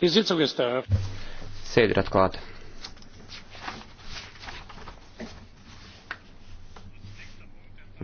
Die Sitzung ist eröffnet. Sēde ir atklāta.